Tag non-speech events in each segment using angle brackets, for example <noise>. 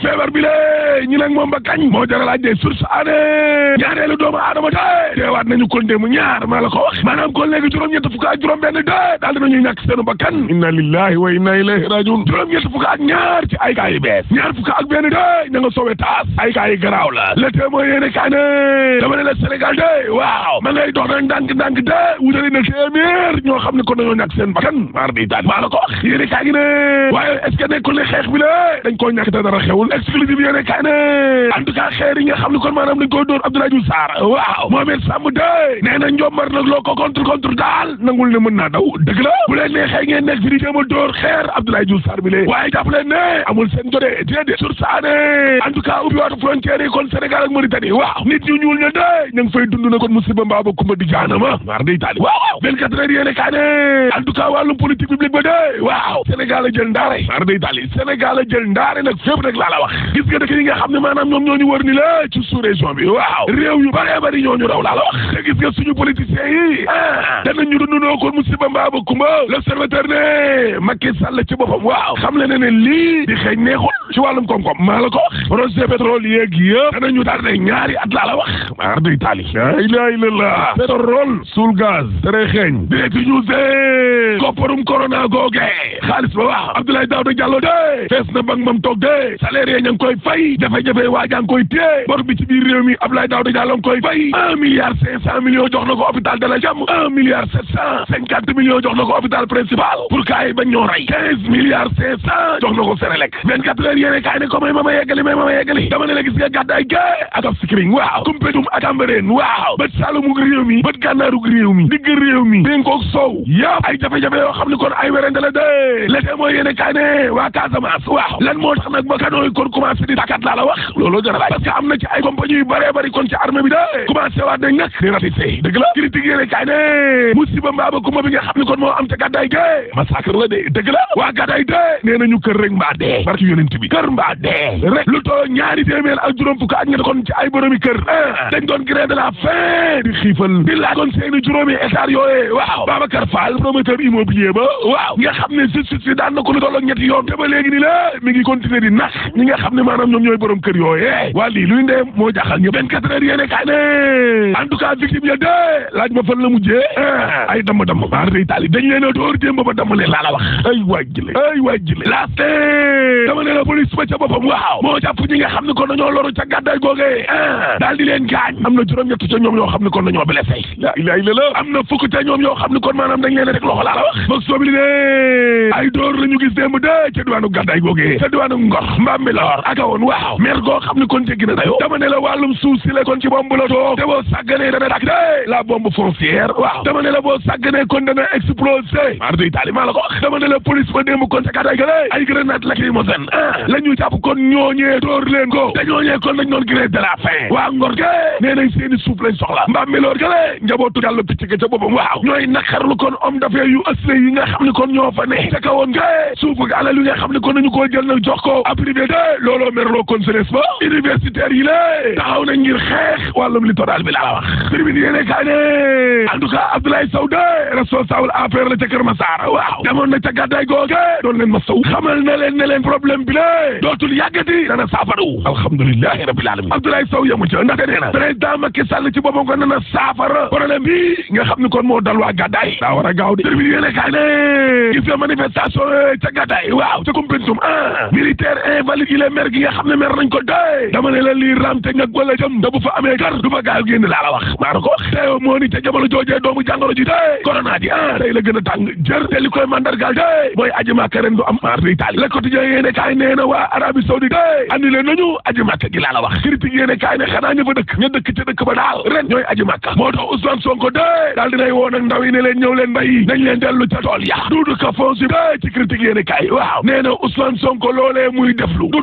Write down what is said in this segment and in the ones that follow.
feebar bi le ñu nag moom ba kañ moo a laaj des sources ane ñaareelu doomu aadama te deewaat nañu kon déemu ñaar maa la ko wax maanaam kon léegi juróom-ñett fukk juróom benn de daal dinañu ñàkk seenu bakkan inna lillahi wa inna ilayhi rajiun juróom-ñett fukk ñaar ci ay gaa bees ñaar fukk benn de ña soowee taas ay gaa yi garaaw la le témoin yéene kaa ne dama ne la Sénégal de waaw ma ngay dox nag ndànk ndànk de wutali na téeméer ñoo xam ne kon dañoo ñàkk seen bakkan maar ko wax yéene kaa gi ne waaye est ce que nekkul ne xeex bi la dañ ne en tout cas xeer yi nga xam ne kon maanaam dañ koo dóor Abdoulaye Diouf Sarr waaw Mohamed Samb de nee na njombar nag loo ko contre contre daal nangul ne mën naa daw dëgg la bu leen neexee ngeen nekk fi di jéem a dóor xeer Abdoulaye Diouf Sarr bi lee waaye jàpp leen ne amul seen jode déedéet sur saane en tout cas ubbi waatu kon Sénégal ak Mauritanie waaw nit ñu ñuul ña de ña fay dund kon musiba mbaa ba kumba di jaanama waar day a day taali Sénégal a jël ndaare xam ne maanaam ñoom ñoo ñu wër ni la ci sous région bi waaw réew yu bëree bëri ñoo ñu raw laa la wax te gis nga suñu politiciens yi ah danañu dundunoo ko musiba mbaa ba kumba l'observateur ne Macky Sall ci boppam waaw xam le ne li lii di xëy neexul ci wàllum koom-koom maa la ko wax projet pétrole yeeg yëpp danañu daal de ñaari at laa la wax maar day taali la ilaha illallah pétrole suul gaz tere xeeñ direct news kopparum corona googe xaalis ba waaw Abdoulaye Daouda Diallo de fees na bang jafe-jafe waajaa ngi koy téye bor bi ci biir réew mi Abdoulaye Daouda Diallo koy fay un milliard cinq jox na ko hôpital Jam un milliard sept cent cinquante jox na ko principal pour kaay bañ ñoo rey quinze milliards jox na ko Sénélec quatre heures yéene ne ko may ma ma yeggali may ma ma yeggali dama ne ga ak ab sikiring waaw Kumpetum ak Ambereen waaw bët saalumug réew mi bët gànnaarug réew mi digg réew mi dénkoog soow yëpp ay jafe-jafe la wax looloo jar a laaj parce que am na ci ay compagnie yu bëree bëri kon ci armée bi de commencé waat de ñàkk di ratissé dëgg la critique yéene kaay ne musiba mbaaba kuma bi nga xam ne kon am ca gàddaay gee massacre la de dëgg la waa gàddaay de nee nañu kër rek mbaa barki yonent bi kër mbaa rek lu too ñaari téeméer ak juróom fukk ak ñett ci ay boromi kër ah dañ doon grève de la faim di xiifal di laaj kon seeni juróomi hectare yooyee waaw waaw nga borom kër yooyee waa lii luy ndee moo jaaxal ñëpp benn quatre heures yéene kaa ne en tout cas victime ya laaj ma fan la mujjee ah. ay a ay waay jile ay waay ca boppam waaw ca gàddaay googee ah. daal googee ca diwaanu ngor mbambi lor ak woon waaw waaw mer goo xam ne kon jéggi na dayoo dama ne la wàllum suuf si la kon ci bomb la toog te boo sàgganee dana dak dé la bombe foncière waaw dama ne la boo sàgganee kon dana explosé mar day taali maa la ko dama ne la police ba démb kon sa kat ay gëlee ay grenade lacrymogène ah la ñu jàpp kon ñooñee door ko te ñooñee kon dañ doon grève de la faim waa ngor ke nee nañ seeni suuf lañ soxla mbaam mi loor gëlee njabootu jàll picc ga ca boppam waaw ñooy naqarlu kon homme d'affaires yu ësle yi a nekkoon jeunesse ba universitaire yi lée taxaw na ngir xeex wàllum littoral bi laa wax tribune yéene kaa ne en tout cas Abdoulaye Sow de responsable APR la ca Kër Massar waaw demoon na ca gàddaay googe doon leen ma saw xamal na leen ne leen problème bi lée dootul yàggati dana saafaru alhamdulilahi rabbil alamin Abdoulaye Sow yamu ca ndaxte nee na président Macky Sall ci boppam ko nana saafara problème bi nga xam ni kon moo dal waa gàddaay daa war a gaaw de tribune yéene kaa ne gis nga manifestation ca gàddaay waaw ca Koumpentoum ah militaire invalide yi le maire gi nga xam ne mer nañ ko dee dama ne la lii ramte nga wala jëm da bu fa amee kar du fa gaaw génn laa la wax maa la ko wax te moo ni ca jamono joojee doomu jàngoro ji dee corona ji ah tey la gën a tàng jër te li koy mandargaal dee mooy aji màkka ren du am mar d' itali le quotidien yéene kaay nee na waa arabie saoudite dee andi leen nañu aji màkka gi laa la wax critique yéene kaay ne xanaa ña fa Sonko dee daal dinay woo nag ndaw ne leen ñëw leen mbayi nañ leen dellu ca tool ya du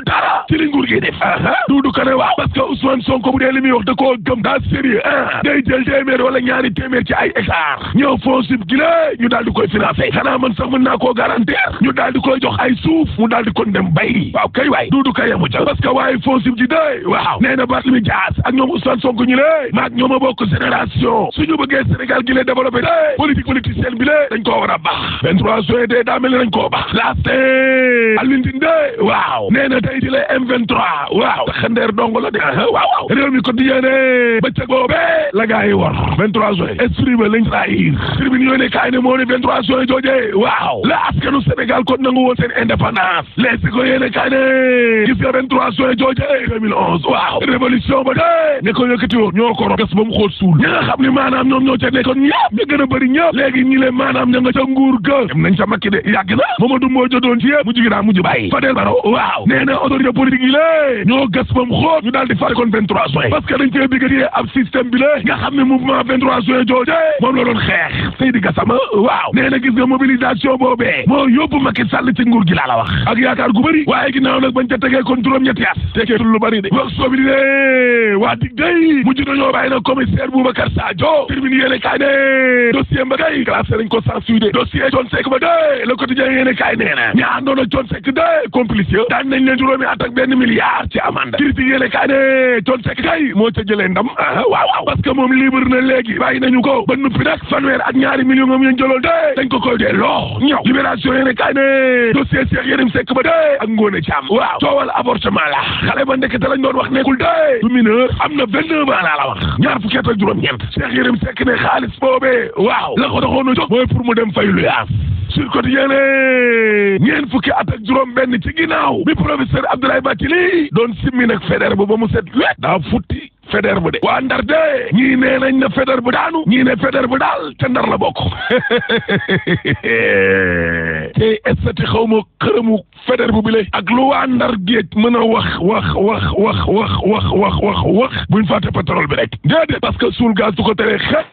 dara nguur gi def aha duudu ko ne waaw parce que Ousmane Sonko bu dee li muy wax da koo gëm daa sérieux ah day jël téeméer wala ñaari téeméer ci ay hectare ñëw fond gi la ñu daal di koy financé xanaa man sax mën naa koo garantir ñu daal di koy jox ay suuf mu daal di ko dem bay waaw kay waay duudu ko yemu ca parce que waaye fond sib ji waaw nee na Barthélémy Dias ak ñoom Ousmane Sonko ñu lée maag ñoom a bokk génération suñu bëggee Sénégal gi lée dañ koo war a droit waaw taxandeer dong la de waaw waaw réew mi quotidien ne bëccëg boobe la gaa yi war 23 juin esprit ba lañ trahir tribune yooyu ne kaay ne moo ne 23 juin jooje waaw la askanu Sénégal kon nangu woon seen indépendance les si ko yéene kaay ne gis nga 23 juin jooje 2011 waaw révolution ba de ne ko yëkkati woon ñoo ko rogas ba mu xóot suul ñi nga xam ne maanaam ñoom ñoo ca nekkoon ñëpp ñu gën a bëri ñëpp léegi ñi leen maanaam ña nga ca nguur ga dem nañ ca makki de yàgg na Mamadou Mbodj doon ci yëpp mujj gi daa mujj bàyyi Fadel Baro waaw nee na autorité politique yi la lé ñoo gas ba mu xóot ñu daal di fare kon 23 juin parce que dañ cee diggante ab système bi lé nga xam ne mouvement 23 juin jooje moom la xeex Seydi Gassama waaw nee na gis nga mobilisation boobee moo yóbbu Macky Sall ci nguur gi laa wax ak yaakaar gu bëri waaye ginnaaw nag bañ ca tegee kon juróom-ñetti at tegeetul lu bëri de informatique day mujj dañoo bàyyi na commissaire Boubacar Sadio termine yéene kaay ne dossier mba kay classé nañ ko sans suite dossier John Seck ba de le quotidien yéene kaay nee na ñaa àndoon ak John Seck nañ leen juróomi at benn milliard ci amande critique yéene kaay ne John kay moo ca jëlee ndam ah waaw waaw moom libre na léegi bàyyi nañu ko ba nuppi nag fanweer ak ñaari million moom ñu jëloon de dañ ko koy dee loo ñëw libération yéene kaay ne dossier am na vingt deux ans laa wax ñaar fukki at juróom-ñeent Cheikh Yérim Seck ne xaalis boobee waaw la ko taxoon a mooy pour mu dem fay lu yaas sur côté yéene ñeen fukki at ak juróom benn ci ginnaaw bi professeur Abdoulaye Bathily doon si nag fédère bu ba mu set wet daa futti fédère bu de waa ndar de ñii nee nañ na fédère bu daanu ñii ne fédère bu daal te ndar la bokk <laughs> tey estati xaw ma xërëmu fédère bu bi ak lu waa ndar mën a wax wax wax wax wax wax wax wax wax buñ fàtte pétrole bi rek déedéet parce que suul gaz du ko teree